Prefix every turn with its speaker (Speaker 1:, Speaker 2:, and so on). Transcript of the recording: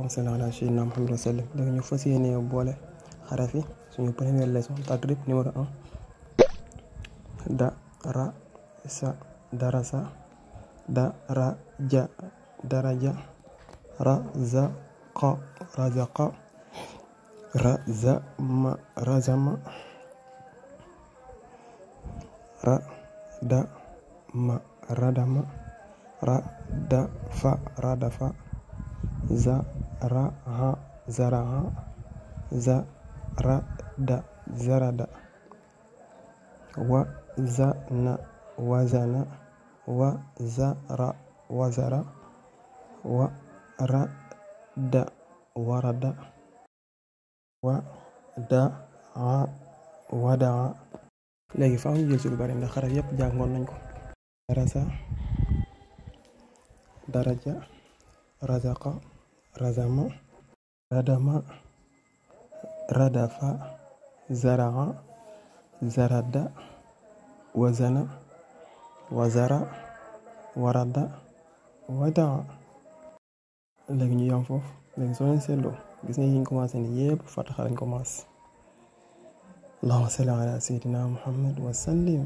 Speaker 1: allahumma salli ala sayyidina Muhammad wa sallam léegi ñu fas yéene boole xaraf yi suñu première leçon tadrib numéro un da ra sa darasa da ra ja daraja ra za qa razaqa ra za ma razama ra da ma radama ra da fa radafa za raha zaraha zarada zarada wazana wazana wazara wazara warada warada wadaa wadaa léegi faaw ñu jël ci lu bari ndax xaraf yépp jàngoon nañ ko daraja razaqa razama radama radafa zaraa zarada wazana wazara warada wadaa léegi ñu yam foofu léegi soo leen seetloo gis nañ ñu commencé ni yëpp fataxa lañ muhammad wa